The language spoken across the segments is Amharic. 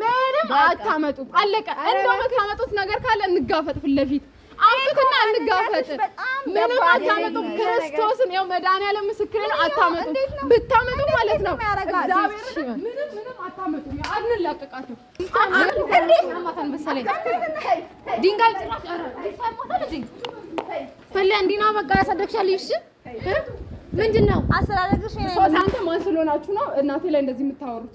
ምንም አታመጡም። አለቀ። እንደው የምታመጡት ነገር ካለ እንጋፈጥ፣ ፊት ለፊት አምጡትና እንጋፈጥ። ምንም አታመጡም። ክርስቶስን ያው መድኃኒዓለም ምስክሬ ነው። አታመጡም። ብታመጡ ማለት ነው ምንድን ነው አስተዳደግሽ? ማን ስለሆናችሁ ነው እናቴ ላይ እንደዚህ የምታወሩት?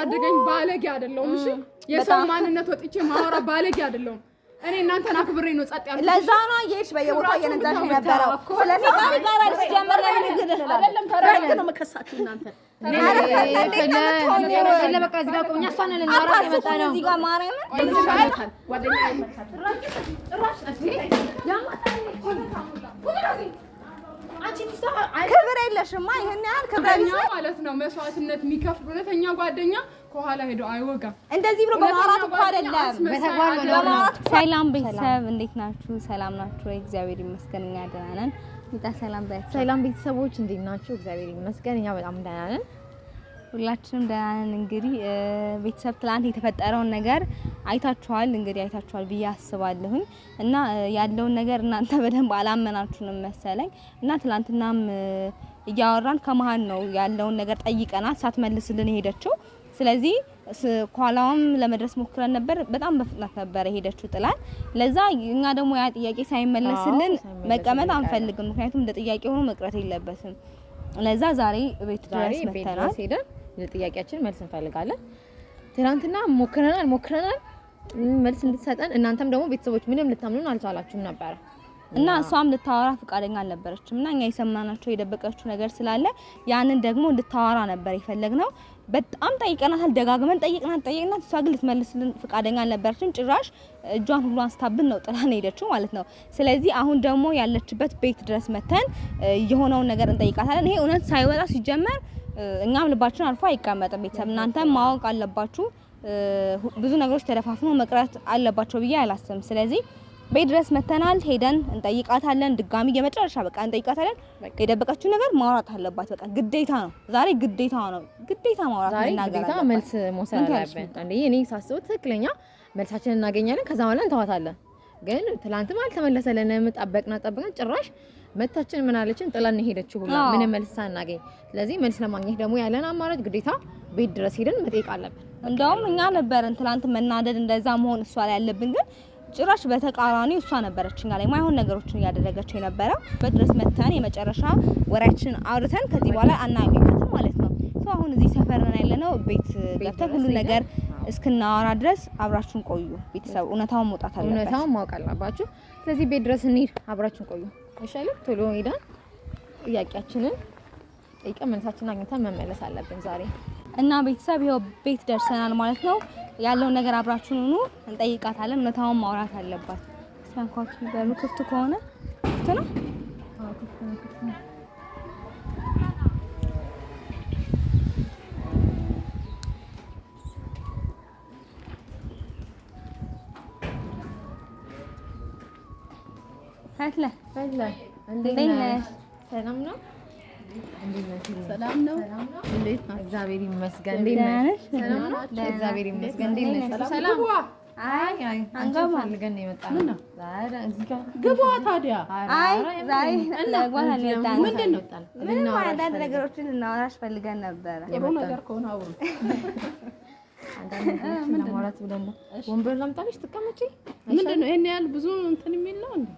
ያሳደገኝ ባለጌ አይደለሁም። እሺ የሰው ማንነት ወጥቼ ማወራ ባለጌ አይደለሁም። እኔ እናንተን አክብሬ ነው ጸጥ ያልኩት። ለዛ ነው እየሄድሽ በየቦታው የነዛሽ የነበረው። ስለዚህ ታሪ ጋር ሲጀምር ላይ ምን ግድ አይደለም። ታሪክ ነው መከሳችሁ እናንተ ለበቃ ክብር የለሽማ። ይህን ያህል ክብር ማለት ነው። መስዋዕትነት የሚከፍል እውነተኛ ጓደኛ ከኋላ ሄዶ አይወጋም። እንደዚህ ብሎ በማውራት እኮ አይደለም። ሰላም ቤተሰብ፣ እንዴት ናችሁ? ሰላም ናችሁ? እግዚአብሔር ይመስገን እኛ ደህና ነን። ሰላም ቤተሰቦች፣ እንዴት ናችሁ? እግዚአብሔር ይመስገን እኛ በጣም ደህና ነን። ሁላችንም ደህና ነን። እንግዲህ ቤተሰብ ትላንት የተፈጠረውን ነገር አይታችኋል፣ እንግዲህ አይታችኋል ብዬ አስባለሁኝ እና ያለውን ነገር እናንተ በደንብ አላመናችሁንም መሰለኝ እና ትላንትናም እያወራን ከመሀል ነው ያለውን ነገር ጠይቀናት ሳትመልስልን የሄደችው። ስለዚህ ኋላውም ለመድረስ ሞክረን ነበር። በጣም በፍጥነት ነበረ ሄደችው ጥላን። ለዛ እኛ ደግሞ ያ ጥያቄ ሳይመለስልን መቀመጥ አንፈልግም፣ ምክንያቱም እንደ ጥያቄ ሆኖ መቅረት የለበትም። ለዛ ዛሬ ቤት ድረስ መተናል ሄደን ለጥያቄያችን መልስ እንፈልጋለን። ትናንትና ሞክረናል ሞክረናል መልስ እንድትሰጠን እናንተም ደግሞ ቤተሰቦች ምንም ልታምኑን አልቻላችሁም ነበረ እና እሷም ልታወራ ፈቃደኛ አልነበረችም። እና እኛ የሰማናቸው የደበቀችው ነገር ስላለ ያንን ደግሞ እንድታወራ ነበር የፈለግነው። በጣም ጠይቀናታል፣ ደጋግመን ጠይቅናት ጠይቅናት። እሷ ግን ልትመልስልን ፈቃደኛ አልነበረችም። ጭራሽ እጇን ሁሉ አንስታብን ነው ጥላን ሄደችው ማለት ነው። ስለዚህ አሁን ደግሞ ያለችበት ቤት ድረስ መተን የሆነውን ነገር እንጠይቃታለን። ይሄ እውነት ሳይወጣ ሲጀመር እኛም ልባችን አልፎ አይቀመጥም። ቤተሰብ እናንተም ማወቅ አለባችሁ። ብዙ ነገሮች ተደፋፍኖ መቅረት አለባቸው ብዬ አላስብም። ስለዚህ ቤት ድረስ መተናል። ሄደን እንጠይቃታለን። ድጋሚ የመጨረሻ በቃ እንጠይቃታለን። የደበቀችው ነገር ማውራት አለባት። በቃ ግዴታ ነው። ዛሬ ግዴታ ነው። ግዴታ ማውራት መናገር ግዴታ መልስ መውሰድ አለብን። አንዴ እኔ ሳስበው ትክክለኛ መልሳችን እናገኛለን። ከዛ በኋላ እንተዋታለን። ግን ትላንትም አልተመለሰልንም። ጠበቅና ጠበቅና ጭራሽ መታችን ምን አለችን ጥላን ሄደችው ሁላ ምንም መልስ ሳናገኝ። ስለዚህ መልስ ለማግኘት ደግሞ ያለን አማራጭ ግዴታ ቤት ድረስ ሄደን መጠየቅ አለብን። እንደውም እኛ ነበርን ትላንት መናደድ እንደዛ መሆን እሷ ላይ ያለብን ግን ጭራሽ በተቃራኒ እሷ ነበረች እኛ ላይ ማይሆን ነገሮችን እያደረገችው የነበረ በድረስ መተን የመጨረሻ ወሬያችንን አውርተን ከዚህ በኋላ አናገኛትም ማለት ነው። አሁን እዚህ ሰፈር ነው ያለነው። ቤት ገብተን ሁሉ ነገር እስክናወራ ድረስ አብራችሁን ቆዩ ቤተሰብ። እውነታውን መውጣት አለበት፣ እውነታውን ማወቅ አለባችሁ። ስለዚህ ቤት ድረስ እንሂድ፣ አብራችሁን ቆዩ። አይሻልም? ቶሎ ሄደን ጥያቄያችንን ጠይቀን መልሳችንን አግኝተን መመለስ አለብን ዛሬ እና ቤተሰብ ይኸው ቤት ደርሰናል ማለት ነው። ያለውን ነገር አብራችሁን ሁኑ። እንጠይቃታለን። እውነታውን ማውራት አለባት። ሲያንኳችሁ በሉ። ክፍት ከሆነ ክፍት ነው። ሰላም ነው። ሰላም ነው። እንዴት ነው? እግዚአብሔር ይመስገን። እንዴት ነሽ? ሰላም ነው። እግዚአብሔር ይመስገን። እንዴት ነሽ? ሰላም ነው። ነው። ታዲያ ነው ነው ነገሮችን እናወራሽ ፈልገን ነበረ። የሆነ ነገር ከሆነ ነው። ወንበር ላምጣልሽ ትቀመጪ። ምንድን ነው ይሄን ያህል ብዙ እንትን የሚል ነው እንዴ?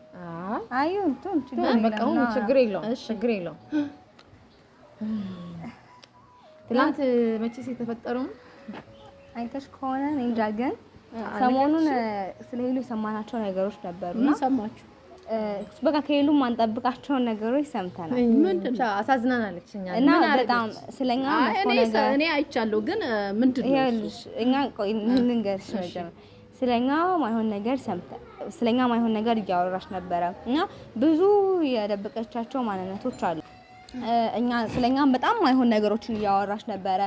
ችግር የለውም፣ ችግር የለውም። ትናንት መቼስ የተፈጠረውን አይተሽ ከሆነ እኔ እንጃ፣ ግን ሰሞኑን ስለ ሄሉ የሰማናቸው ነገሮች ነበሩ። ሰማችሁ? በቃ ከሄሉ የማንጠብቃቸውን ነገሮች ሰምተናል። አሳዝናናለች እና በጣም ስለኛ እኔ አይቻለሁ። ግን ምንድን ነው እኛ ልንገርሽ፣ ስለኛ ማይሆን ነገር ሰምተን ስለኛ ማይሆን ነገር እያወራች ነበረ እና ብዙ የደበቀቻቸው ማንነቶች አሉ። እኛ ስለኛም በጣም ማይሆን ነገሮችን እያወራች ነበረ።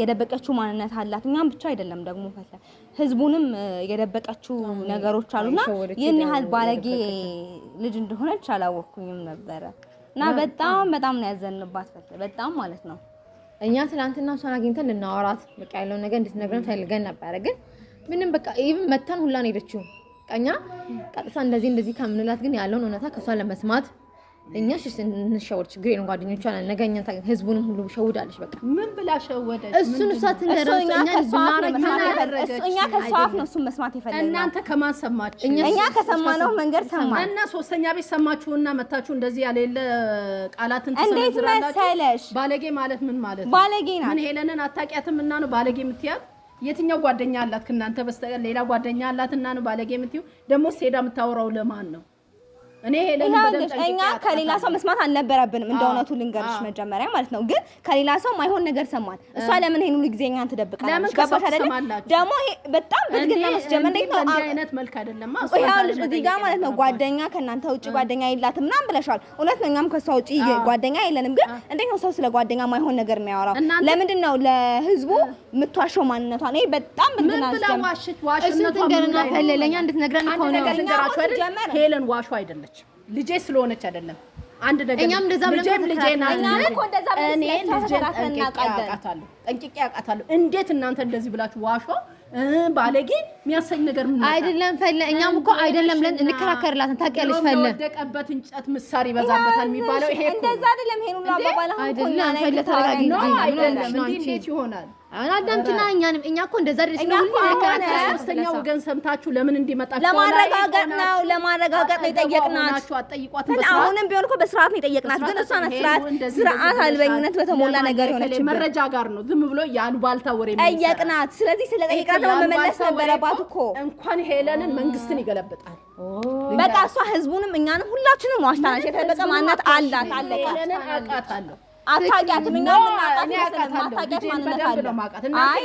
የደበቀችው ማንነት አላት። እኛም ብቻ አይደለም ደግሞ ፈትለ ህዝቡንም የደበቀችው ነገሮች አሉና ይህን ያህል ባለጌ ልጅ እንደሆነች አላወቅኩኝም ነበረ እና በጣም በጣም ነው ያዘንባት ፈትለ በጣም ማለት ነው። እኛ ትናንትና እሷን አግኝተን ልናወራት በቃ ያለውን ነገር እንድትነግረን ፈልገን ነበረ ግን ምንም በቃ ይህን መታን ሁላን ሄደችው ቀኛ ቀጥታ እንደዚህ እንደዚህ ከምንላት ግን ያለውን እውነታ ከሷ ለመስማት እኛ ሽ እንሸወድ ችግር የለም። ጓደኞቿ ነገኛ ህዝቡንም ሁሉ ሸውዳለች። በቃ ምን ብላ ሸወደች? እሱን እሷ ትንደረእኛ እኛ ከሷፍ ነው እሱን መስማት የፈለግነው። እናንተ ከማን ሰማችሁ? እኛ ከሰማነው መንገድ ሰማን እና ሶስተኛ ቤት ሰማችሁና መታችሁ እንደዚህ ያለለ ቃላትን እንዴት መሰለሽ? ባለጌ ማለት ምን ማለት ነው? ባለጌ ናት። ምን ሄለንን አታውቂያትም እና ነው ባለጌ የምትያት የትኛው ጓደኛ አላት ከእናንተ በስተቀር ሌላ ጓደኛ አላትና ነው ባለጌ የምትይው? ደግሞ ሄዳ የምታወራው ለማን ነው? እኛ ከሌላ ሰው መስማት አልነበረብንም። እንደ እውነቱ ልንገርሽ መጀመሪያ ማለት ነው። ግን ከሌላ ሰው ማይሆን ነገር ሰማን። እሷ ለምን ይሄን ሁሉ ጊዜ እኛን ትደብቃለች? ገባሽ ደግሞ በጣም ብልግና መስጀመር እንዴት ነው? ማለት ነው ጓደኛ ከእናንተ ውጭ ጓደኛ የላትም ምናምን ብለሻል። እውነት ነው፣ እኛም ከእሷ ውጭ ጓደኛ የለንም። ግን እንዴት ነው ሰው ስለ ጓደኛ ማይሆን ነገር የሚያወራው? ለምንድን ነው ለህዝቡ የምትዋሸው ማንነቷን? ይሄ በጣም ብልግና መስጀመር። እሱ ትንገርና ለእኛ እንድትነግረን ከሆነ ሄለን ዋሾ አይደለች ልጄ ስለሆነች አይደለም። አንድ ነገር እኛም እንደዛ ብለን ልጄ እኔ ጠንቅቄ አውቃታለሁ። እንዴት እናንተ እንደዚህ ብላችሁ ዋሾ ባለጌ የሚያሰኝ ነገር ምን አይደለም። ፈለ እኛም እኮ አይደለም ብለን እንከራከርላትን ታውቂያለሽ። ፈለ ወደቀበት እንጨት ምሳር ይበዛበታል የሚባለው ይሄ እኮ እንደዛ አይደለም። ይሄን ሁሉ አባባል አሁን አይደለም። ፈለ ተረጋጊ ነው። አይደለም እንዴት ይሆናል? አዳምጪና እኛንም እኛ እኮ እንደዛ አይደለች ነው ሁሉ ለካራ ሶስተኛ ወገን ሰምታችሁ ለምን እንዲመጣ ለማረጋገጥ ነው ለማረጋገጥ ነው የጠየቅናት። አሁንም ቢሆን እኮ በስርዓት ነው የጠየቅናት፣ ግን እሷ ናት ስርዓት ስርዓት አልበኝነት በተሞላ ነገር የሆነች መረጃ ጋር ነው ዝም ብሎ ያሉባልታ ወሬ ጠየቅናት። ስለዚህ ስለጠየቅናት ነው መመለስ ነበረባት እኮ። እንኳን ሄለንን መንግስትን ይገለብጣል። በቃ እሷ ህዝቡንም እኛንም ሁላችንም ዋሽታናች። የተደበቀ ማናት አላት አለቃት። አታውቂያትም። እኛ የምናውቃት ስለማታውቂያት ማንነት አለ። አይ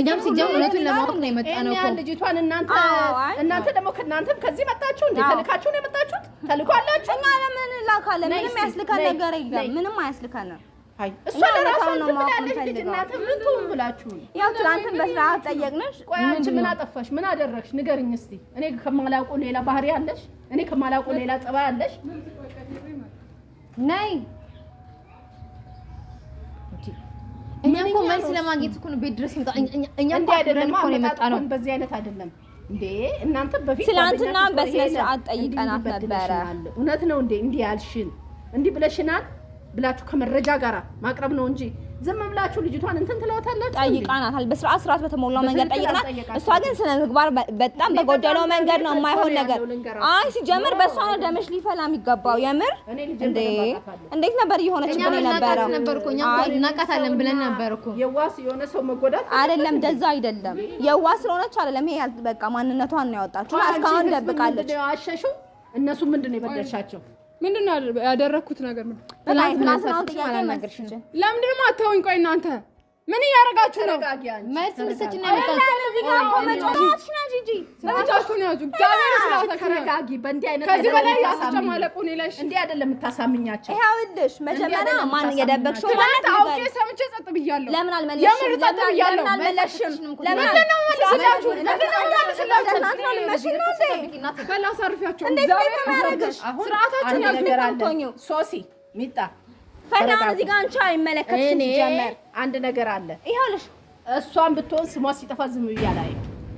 እኛም ሲጀምር እውነቱን ለማወቅ ነው የመጣ ነው እኮ ልጅቷን። እናንተ እናንተ ደግሞ ከእናንተም ከዚህ መጣችሁ እንዴ? ተልካችሁ ነው የመጣችሁት? ተልኮ አላችሁ። እኛ ለምን ላካለ? ምንም ያስልካ ነገር የለም። ምንም አያስልካለ። እሷ ለራሷ ነው ማለት ነው። እናንተ ምን ትሁን ብላችሁ ያው ትናንትን በስርዓት ጠየቅንሽ። ቆይ አንቺ ምን አጠፋሽ? ምን አደረግሽ? ንገርኝ እስቲ። እኔ ከማላውቁ ሌላ ባህሪ አለሽ? እኔ ከማላውቁ ሌላ ጸባይ አለሽ? ነይ እኛ እኮ መልስ ለማግኘት እኮ ነው ቤት ድረስ ይመጣ። እኛ እኮ አይደለም እኮ ነው የመጣነው። በዚህ አይነት አይደለም እንዴ እናንተ። በፊት ትናንትና በስነ ስርዓት ጠይቀናት ነበረ። እውነት ነው እንዴ እንዲህ ያልሽን እንዲህ ብለሽናል ብላችሁ ከመረጃ ጋር ማቅረብ ነው እንጂ ዝም ብላችሁ ልጅቷን እንትን ትለውታላችሁ። ጠይቃናታል፣ በስርዓት ስርዓት በተሞላው መንገድ ጠይቀናት። እሷ ግን ስነ ምግባር በጣም በጎደለው መንገድ ነው የማይሆን ነገር። አይ ሲጀምር በእሷ ነው ደምሽ ሊፈላ የሚገባው። የምር እንዴ! እንዴት ነበር እየሆነችብን የነበረው? እናቃታለን ብለን ነበር እኮ የዋስ የሆነ ሰው መጎዳት አይደለም፣ ደዛ አይደለም። የዋስ ስለሆነች አይደለም። ይሄ በቃ ማንነቷን ነው ያወጣችሁ። እስካሁን ደብቃለች። እነሱ ምንድን ነው የበደልሻቸው? ምንድን ነው ያደረግኩት ነገር? ምንድን ነው ለምንድን ነው የማታወኝ? ቆይ እናንተ ምን እያደረጋችሁ ነው? መልስ ምሰጭ ነው ተረጋጊ። በእንዲህ አይነት ከዚህ በላይ እንዲህ አይደለም የምታሳምኛቸው። ይኸውልሽ መጀመሪያ ማን የደበቅሽው ማለት አውቄ ሰምቼ ጸጥ ብያለሁ። ለምን አልመለስሽም? ጸጥ ብያለሁ። ለምን ነው መልስላችሁ? ለምን ነው መልስላችሁ? አሳርፊያቸው። እንዴት ነው ስርዓታችሁን ሶሲ ሚጣ ፈዳን እዚህ ጋር አንቺ አይመለከትሽም ሲጀመር አንድ ነገር አለ። ይኸውልሽ እሷን ብትሆን ስሟ ሲጠፋ ዝም ብያለሁ።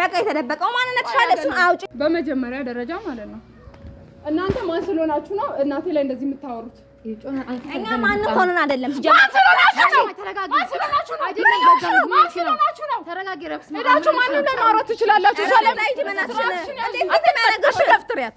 በቃ የተደበቀው ማንነትሽ አለ። እሱን አውጪ። በመጀመሪያ ደረጃ ማለት ነው እናንተ ማን ስለሆናችሁ ነው እናቴ ላይ እንደዚህ የምታወሩት? እኛ ማን ሆነን አይደለም። ተረጋጊ። ማንም ላይ ማውራት ትችላላችሁ። ሰላም ላይ ትመናችሁ። እንዴት ተመረጋሽ? ደፍትሪያት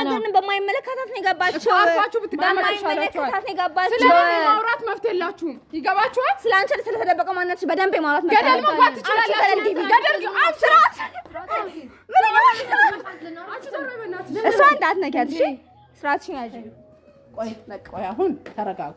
እናንተን በማይመለከታት ነው የገባችሁ። በማይመለከታት ነው ማውራት መብት የላችሁም። ይገባችኋል። ስለ አንቺ ስለተደበቀ ማንነትሽ በደንብ የማውራት ገደል መግባት ትችላላችሁ። እንዳትነኪያት። ቆይ ቆይ፣ አሁን ተረጋጉ።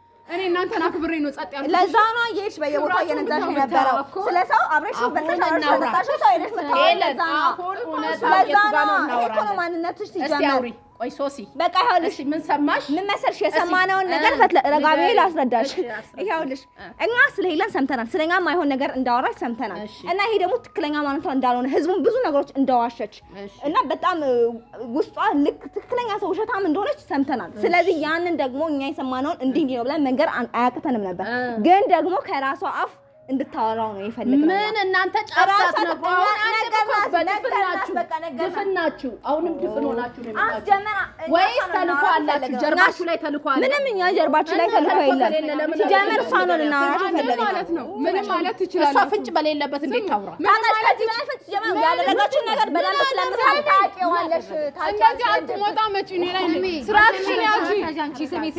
እኔ እናንተን አክብሬ ነው ጸጥ ያልኩት። ለዛ ነው እየሄድሽ በየቦታው እየነዛሽ የነበረው ስለ ሰው አብረሽ ነው ማንነትሽ ሲጀመር ቆይ ሶሲ በቃ ይኸውልሽ፣ ምን ሰማሽ? ምን መሰልሽ? የሰማነውን ነገር ፈትለ ረጋቤ ላስረዳሽ። ይኸውልሽ እኛ ስለ ሄለን ሰምተናል፣ ስለኛ ማይሆን ነገር እንዳወራች ሰምተናል። እና ይሄ ደግሞ ትክክለኛ ማለቷ እንዳልሆነ ህዝቡን ብዙ ነገሮች እንደዋሸች እና በጣም ውስጧ ልክ ትክክለኛ ሰው ውሸታም እንደሆነች ሰምተናል። ስለዚህ ያንን ደግሞ እኛ የሰማነውን እንዲህ ነው ብለን መንገር አያቅተንም ነበር፣ ግን ደግሞ ከራሷ አፍ እንድታወራው ነው የፈለግነው። ምን እናንተ ጫራሳት ነው ድፍን ናችሁ። አሁንም ድፍን ሆናችሁ ነው ወይስ ተልኮ አላችሁ? ጀርባችሁ ላይ ተልኮ አለ? ምንም እኛ ጀርባችሁ ላይ ተልኮ የለም። ጀመር ፋኖን ነው ልናወራችሁ የፈለግነው ማለት ነው። ምን ማለት ትችላለች? እሷ ፍንጭ በሌለበት እንዴት ታውራ? ያደረጋችሁን ነገር በደንብ ስለምታውቂዋለሽ። እንደዚህ አትሞጣ መጪ እኔ ላይ ስርዓትሽን ያዙ።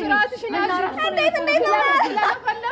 ስርዓትሽን ያዙ። እንዴት እንዴት ነው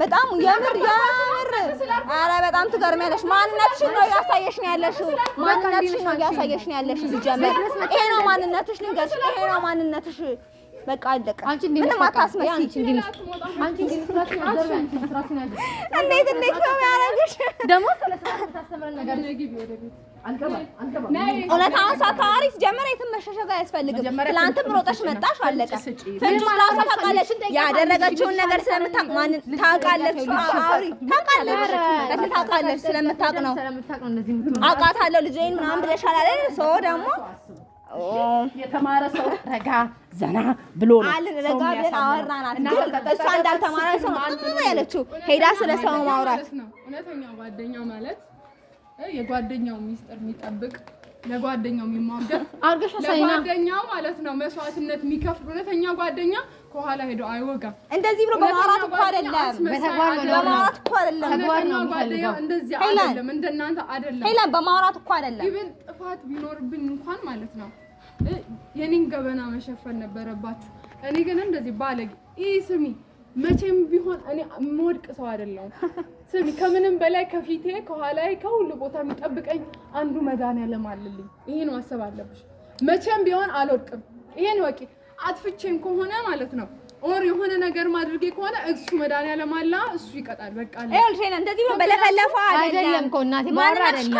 በጣም የምር የምር አረ በጣም ትገርሚያለሽ። ማንነትሽን ነው እያሳየሽ ነው ያለሽው። ማንነትሽን ነው እያሳየሽ ነው ያለሽው። ሲጀመር ይሄ ነው ማንነትሽ። ልንገርሽ፣ ይሄ ነው ማንነትሽ። በቃ አለቀ። ምንም አታስመስይ። እንዴት እንዴት ነው የሚያደርግሽ ደግሞ እውነታውን ሳታዋሪ ሲጀመር የትም መሸሸግ አያስፈልግም። ትናንትም ሮጠሽ መጣሽ፣ አለቀ። ፍንጩን እራሷ ታውቃለች። ያደረገችውን ነገር ስለምታውቅ ማንን ታውቃለች? አውሪ ታውቃለች፣ ታውቃለች፣ ስለምታውቅ ነው። አውቃታለሁ ልጄን ምናምን ብለሻል አይደል? ሰው ደግሞ የተማረ ሰው ረጋ ዘና ብሎ ነው ረጋ ብለን አወራናት። ግን እሷ እንዳልተማረ ሰው ያለችው ሄዳ ስለ ሰው ማውራት የጓደኛው ሚስጥር የሚጠብቅ ለጓደኛው የሚሟገት ለጓደኛው ማለት ነው መስዋዕትነት የሚከፍል እውነተኛ ጓደኛ ከኋላ ሄዶ አይወጋም። እንደዚህ ብሎ በማውራት እኮ አይደለም፣ በማውራት እኮ እንደዚህ አይደለም፣ እንደናንተ አይደለም። ሄለን በማውራት እኮ አይደለም። ይብን ጥፋት ቢኖርብኝ እንኳን ማለት ነው የኔን ገበና መሸፈን ነበረባችሁ። እኔ ግን እንደዚህ ባለጌ ይህ ስሚ፣ መቼም ቢሆን እኔ የምወድቅ ሰው አይደለሁም። ስሚ ከምንም በላይ ከፊቴ ከኋላዬ ከሁሉ ቦታ የሚጠብቀኝ አንዱ መድኃኒዓለም አለልኝ። ይሄን ማሰብ አለብሽ። መቼም ቢሆን አልወድቅም። ይሄን ወቂ። አጥፍቼም ከሆነ ማለት ነው ኦር የሆነ ነገር ማድርጌ ከሆነ እሱ መድኃኒዓለም አለ፣ እሱ ይቀጣል። በቃ ይኸውልሽ እንደዚህ በለፈለፈ አይደለም እኮ እናቴ፣ ማራ አይደለም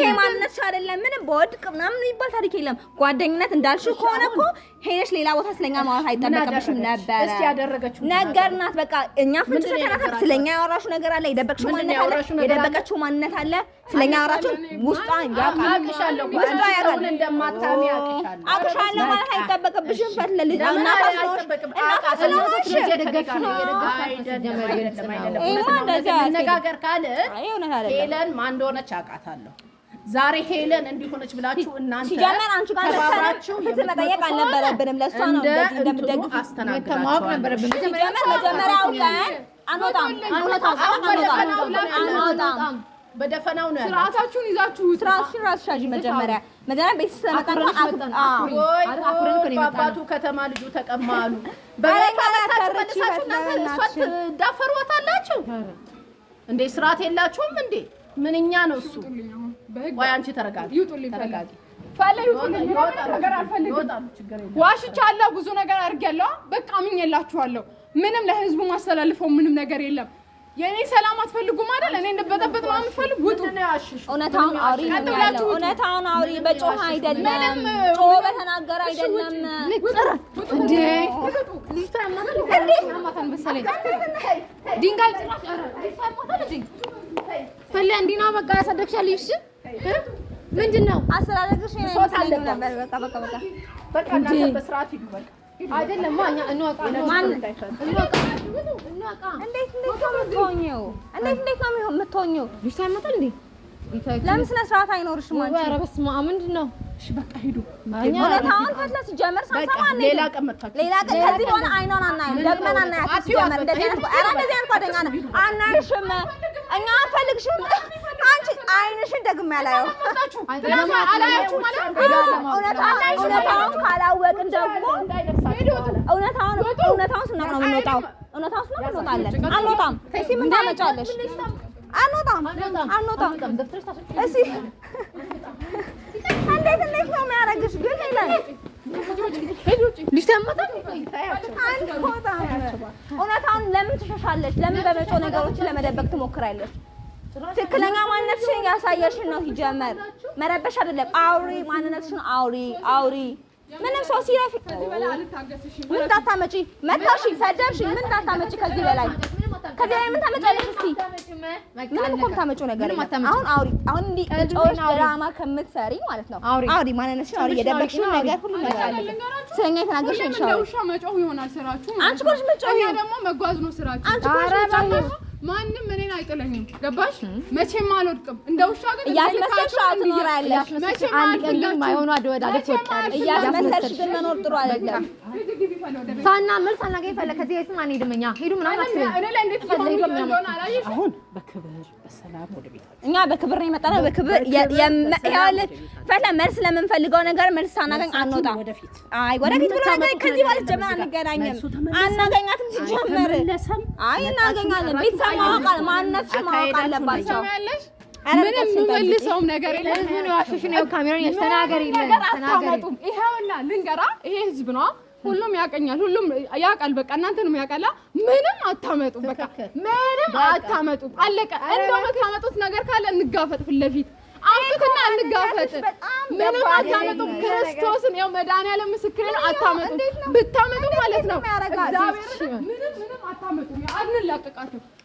ይሄ ማንነትሽ አይደለም። ምንም በወድቅ ምናምን የሚባል ታሪክ የለም። ጓደኝነት እንዳልሽው ከሆነ እኮ ሄደሽ ሌላ ቦታ ስለኛ ማውራት አይጠበቅብሽም ነበር። እስቲ ያደረገችው ነገርናት። በቃ እኛ ፍንጭ ተናገር። ስለኛ ያወራሹ ነገር አለ፣ የደበቅሽው ማንነት አለ፣ የደበቀችው ማንነት አለ። ስለኛ ያወራችሁ ውስጧ ያውቃል፣ እንደማታሚ ማለት አይጠበቅብሽም። ፈትለ ልጅ ነው። ካለ ሄለን ማን እንደሆነች አውቃታለሁ ዛሬ ሄለን እንዲሆነች ብላችሁ እናንተ ሲጀመር አንቺ ጋር ተባብራችሁ መጠየቅ አልነበረብንም። ለእሷ ነው እንደዚህ እንደምደግፍ አስተናግዳችሁ ነበረብን። መጀመሪያው ቀን አንወጣም፣ አንወጣም በደፈናው ነው። ስርዓታችሁን ይዛችሁ ስርዓትሽን ራስሽ አጂ መጀመሪያ መጀመሪያ ቤት ስለመጣ አባቱ ከተማ ልጁ ተቀማሉ በለካታችሁ መለሳችሁ። እናንተ እሷን ትዳፈሯታላችሁ እንዴ? ስርዓት የላችሁም እንዴ? ምንኛ ነው እሱ ቆይ አንቺ ተረጋጊ፣ ተረጋጊ። ዋሽቻለሁ፣ ብዙ ነገር አድርጌያለሁ። በቃ አምኜላችኋለሁ። ምንም ለህዝቡ ማስተላልፈው ምንም ነገር የለም። የኔ ሰላም አትፈልጉም አይደል? እኔ እንደበጠበጥ ነው የምፈልግ። ውጡ። እውነታውን አውሪ እውነታውን አውሪ። በጮህ አይደለም፣ ጮህ በተናገረ አይደለም። ድንጋይ ጭራሽ ኧረ አይሰማታል። በቃ ያሳደግሻል ልጅሽ ምንድን ነው አስተዳደግሽ? ለምን ስነ ስርዓት አይኖርሽም? ኧረ በስመ አብ ምንድን ነው? እሺ በቃ ሂዱ። እውነታውን ፈትለ ሲጀመር ሌላ ቀን ሌላ ከዚህ በኋላ አይኗን አናያት ደግመን አናያት ሲጀመር እንደዚህ አይነት ጓደኛ አናይሽም እኛ አንፈልግሽም። አንቺ አይንሽን ደግሜ አላየው። ካላወቅን ደግሞ እውነታውን ስናውቅ ነው የምንወጣው። እውነታውን ስናውቅ እንወጣለን። አንወጣም። እስኪ ምን ታመጫለሽ? አንወጣም፣ አንወጣም። እስኪ እንዴት እንዴት ነው የሚያደርግሽ ግን ይለን ትሸሻለሽ? ለምን በመጮ ነገሮችን ለመደበቅ ትሞክራለሽ? ትክክለኛ ማንነትሽን ያሳየሽን ነው። ሲጀመር መረበሽ አይደለም። አውሪ፣ ማንነትሽን አውሪ፣ አውሪ። ምንም ሰው ሲረፊ ምን እንዳታመጪ መታሽ፣ ሰደብሽ፣ ምን እንዳታመጪ ከዚህ በላይ ከዚህ ላይ ምን ታመጫለሽ? እስቲ ምንም እኮ የምታመጪው ነገር የለም። አሁን አውሪ፣ አሁን እንዲህ እጮች ድራማ ከምትሰሪ ማለት ነው። አውሪ፣ ማንነትሽን አውሪ፣ የደበቅሽውን ነገር ሁሉ ነገር አለ። ስለኛ የተናገርሽው ይሻላል። አንቺ እኮ ነሽ የምትጮው። ደግሞ መጓዝ ነው ስራችሁ። ማንም እኔን አይጥለኝም። ገባሽ? መቼም አልወድቅም። እንደ ውሻ ግን እያስመሰልሽ አትኖር ያለሽ አንድ ቀን ግን ማይሆኑ አደወዳደች ወጣለች። እያስመሰልሽ ግን መኖር ጥሩ አይደለም። ሳናምር ሳናገኝ ፈለ ከዚህ የትም አንሄድም እኛ ሄዱ ምናምን አሁን በክብር እኛ በክብር ነው የመጣነው። በክብር ፈለ መልስ ለምንፈልገው ነገር መልስ ሳናገኝ አንወጣ። አይ ወደፊት ብሎ ነገር ከዚህ በኋላ ጀመር አንገናኝም፣ አናገኛትም። ሲጀመር አይ እናገኛለን። ቤተሰብ ማወቅ ማንነትሽ ማወቅ አለባቸው። ምንም የምመልሰውም ነገር የለም። ምን ዋሽሽ ነው? ካሜራውን ያስተናገር ይለን ተናገር። ይኸውና ልንገራ፣ ይሄ ህዝብ ነው ሁሉም ያቀኛል። ሁሉም ያቃል። በቃ እናንተ ነው ያውቃል። ምንም አታመጡ፣ በቃ ምንም አታመጡ። አለቀ። እንደው የምታመጡት ነገር ካለ እንጋፈጥ፣ ፊት ለፊት አምጡትና እንጋፈጥ። ምንም አታመጡ። ክርስቶስን ያው መድኃኒዓለም ምስክሬ ነው። አታመጡ፣ ብታመጡ ማለት ነው። እግዚአብሔር ምንም ምንም አታመጡ። አንላቀቃችሁ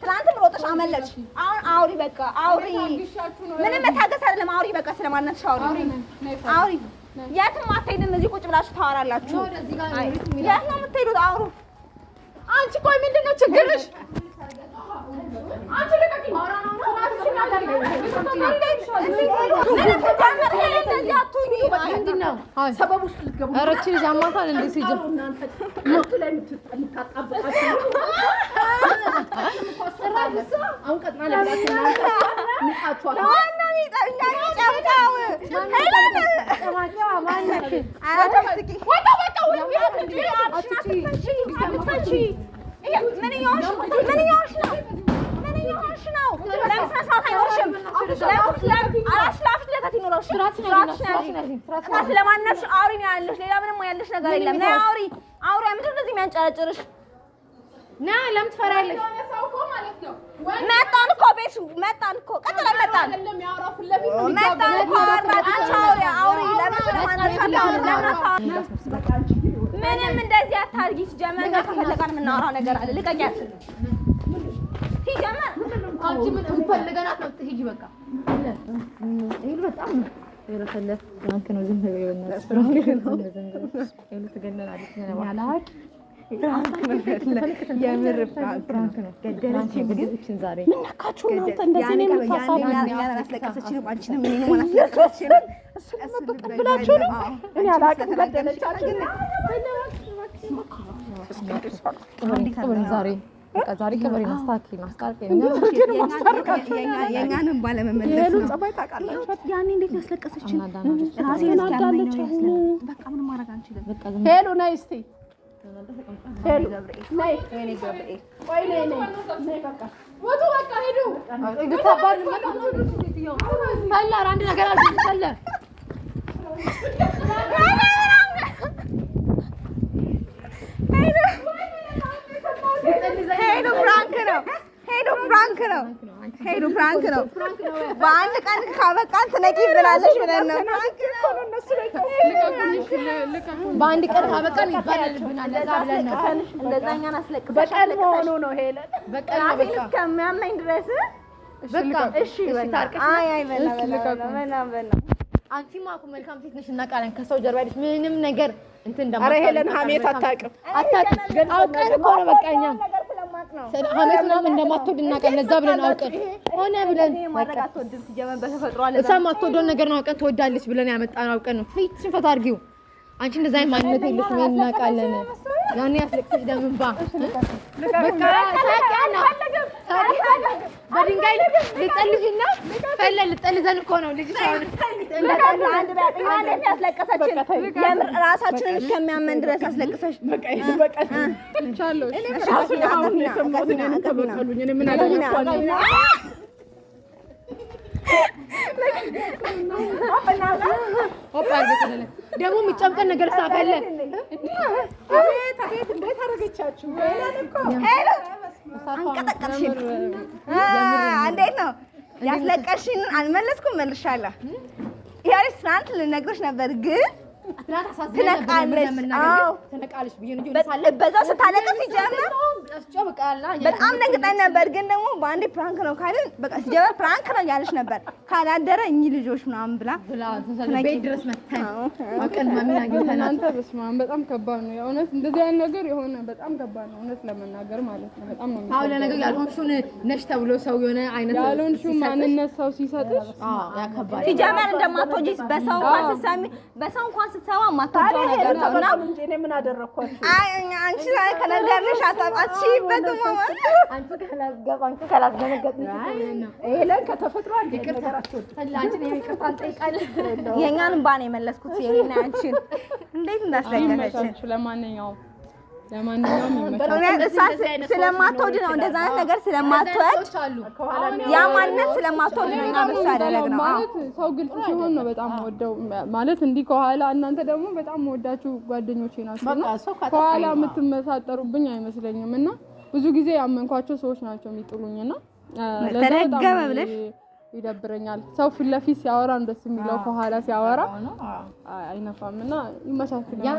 ትናንትም ሮጠሽ አመለጥሽ። አሁን አውሪ በቃ አውሪ። ምንም መታገስ አይደለም። አውሪ በቃ የትም አትሄድም። እዚህ ቁጭ ብላችሁ ታወራላችሁ። የት ነው የምትሄዱት? አውሩ። አንቺ ቆይ ምንድን ነው ችግርሽ? ሰበብ ውስጥ ልትገቡ ምን እያወራሽ ነው? እየኖርሽ ነው። ለምን ስነ ስርዓት አይኖርሽም? ስለማንነትሽ አውሪ ነው ያለሽ። ሌላ ምንም ያለሽ ነገር የለም። ነይ አውሪ አውሪ። ምንድን ነው እንደዚህ የሚያንጨረጭርሽ? ና ለምን ትፈሪያለሽ? መጣን እኮ ቤት መጣን እኮ ቀጥለን መጣን መጣን እኮ አንቺ አውሪ አውሪ። ምንም እንደዚህ አታድርጊ። ሲጀመር ከፈለጋን የምናወራው ነገር አለ። ልቀቂያት ሲጀመር አንቺ ምን እንፈልገናት ነው ትሄጂ? በቃ ይሄ በጣም የረፈለፍ ባንክ ነው። ዝም ብሎ ይበናል ነው ዛሬ ከበሬ ማስታወቂ ማስታወቂ የእኛንም ባለመመለስ ነው። ጸባይ ሄሉ ነይ እስኪ ሄሉ ነይ። አንድ ነገር ፍራንክ ነው። በአንድ ቀን ካበቃን ትነቂ ብላለች ብለን ነው። በአንድ ቀን ካበቃን ይባላልብናል ብለን ነው። ሆኖ ነው ሄለን እስከሚያምናኝ ድረስ እሺ። አንቺማ እኮ መልካም ሴት ነሽ፣ እናውቃለን። ከሰው ጀርባ ያለሽ ምንም ነገር እንትን እንደማታውቅ ሄለን ሀሜት አታውቅም፣ አታውቅም። አውቀን እኮ ነው በቃ እኛም አመት ምናምን እንደማትወድ እናውቃለን። እዛ ብለን አውቀን ሆነ ብለን ነገር አውቀን ትወዳለች ብለን ያመጣን አውቀን ነው። ፊትሽን ፈታ አድርጊው። አንቺ አይነት ማንነት የለሽም፣ እናውቃለን። ያኔ በቃ በድንጋይ ልጠልሽና ፈለ ልጠልዘን እኮ ነው ልጅ ያስለቀሰችን የምር እራሳችንን እስከሚያመን ድረስ አስለቅሰሽ ደግሞ የሚጨምቀን ነገር ሳፈለን አንቀጠቀጥሽን እንዴት ነው ያስለቀሽን? አልመለስኩም፣ መልሻለሁ። ይኸውልሽ ትናንት ልነግርሽ ነበር ግን በዛ ስታለቅስ ሲጀምር በጣም ነግጠን ነበር። ግን ደግሞ በአንዴ ፕራንክ ነው ካልን በቃ ሲጀምር ፕራንክ ነው ያለች ነበር። ካላደረ እኚህ ልጆች ምናምን ብላ ቤት በጣም ከባድ ነው የእውነት እንደዚህ አይነት ነገር የሆነ በጣም ከባድ ነው እውነት ለመናገር ማለት ነው። በጣም ነው አሁን ለነገር ያልሆንሽውን ነሽ ተብሎ ሰው የሆነ አይነት ያልሆንሽውን ማንነት ሰው ሲሰጥሽ ሲጀምር እንደማትወጂስ በሰው እንኳን ስትሰሚ በሰው እንኳን ስትሰማ የማታውቀው ነገር ነው እና እኔ ምን አደረኳችሁ? አንቺ ላይ ከነገርሽ አታውቃችበት። አንቺ ካላስገመገጥን ይሄ ላይ ከተፈጥሮ አንድ ነገር አንቺ ነው እንጠይቃለን። የእኛን የኛን ነው የመለስኩት። የእኔን አንቺን እንዴት እንዳስለገመችን ለማንኛውም ለማንኛውም ስለማትወድ ነው እንደዛ አይነት ነገር ስለማትወድ ያ ማንነት ስለማትወድ ነው። በሱ ማለት ሰው ግልጽ ሲሆን ነው በጣም ወደው ማለት እንዲህ ከኋላ እናንተ ደግሞ በጣም ወዳችሁ ጓደኞቼ ናችሁ። ከኋላ የምትመሳጠሩብኝ አይመስለኝም። እና ብዙ ጊዜ ያመንኳቸው ሰዎች ናቸው የሚጥሉኝ እና ብለሽ ይደብረኛል። ሰው ፊት ለፊት ሲያወራ ደስ የሚለው ከኋላ ሲያወራ አይነፋም እና ይመቻችላል።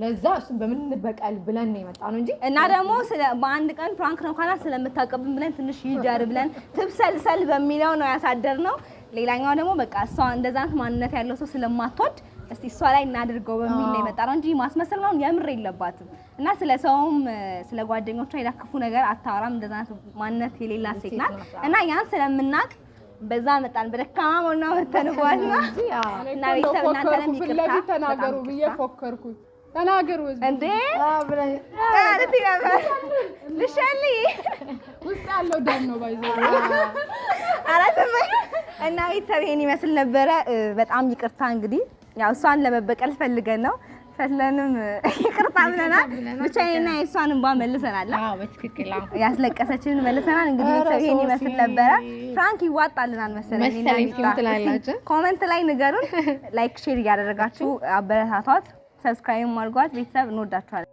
ለዛ እሱን በምን እንበቃል ብለን ነው የመጣ ነው እንጂ እና ደግሞ በአንድ ቀን ፕራንክ ነው ካላ ስለምታቀብን ብለን ትንሽ ይጃር ብለን ትብሰልሰል በሚለው ነው ያሳደር ነው። ሌላኛው ደግሞ በቃ እሷ እንደዛ ማንነት ያለው ሰው ስለማትወድ እስቲ እሷ ላይ እናድርገው በሚል ነው የመጣ ነው እንጂ ማስመሰል ነው የምር የለባትም። እና ስለ ሰውም ስለ ጓደኞቿ ሄዳ ክፉ ነገር አታወራም። እንደዛ ማንነት የሌላ ሴት ናት እና ያን ስለምናቅ በዛ መጣን በደካማ ሞና መተንቧልና እና ቤተሰብ እናንተንም ይቅርታ ተናገሩ ብዬ ፎከርኩኝ። ተናገሩ እንዴ! ልሸልይ ውስጥ ያለው ደም ነው እና ቤተሰብ ይሄን ይመስል ነበረ። በጣም ይቅርታ እንግዲህ ያው እሷን ለመበቀል ፈልገን ነው ፈትለንም ይቅርታ ብለናል። ብቻ የእሷን እንባ መልሰናል፣ ያስለቀሰችንን መልሰናል። እንግዲህ ቤተሰብ ይሄን ይመስል ነበረ። ፍራንክ ይዋጣልናል መሰለኝ። ኮመንት ላይ ንገሩን፣ ላይክ ሼር እያደረጋችሁ አበረታቷት። ሰብስክራይብ አድርጓት። ቤተሰብ እንወዳችኋለን።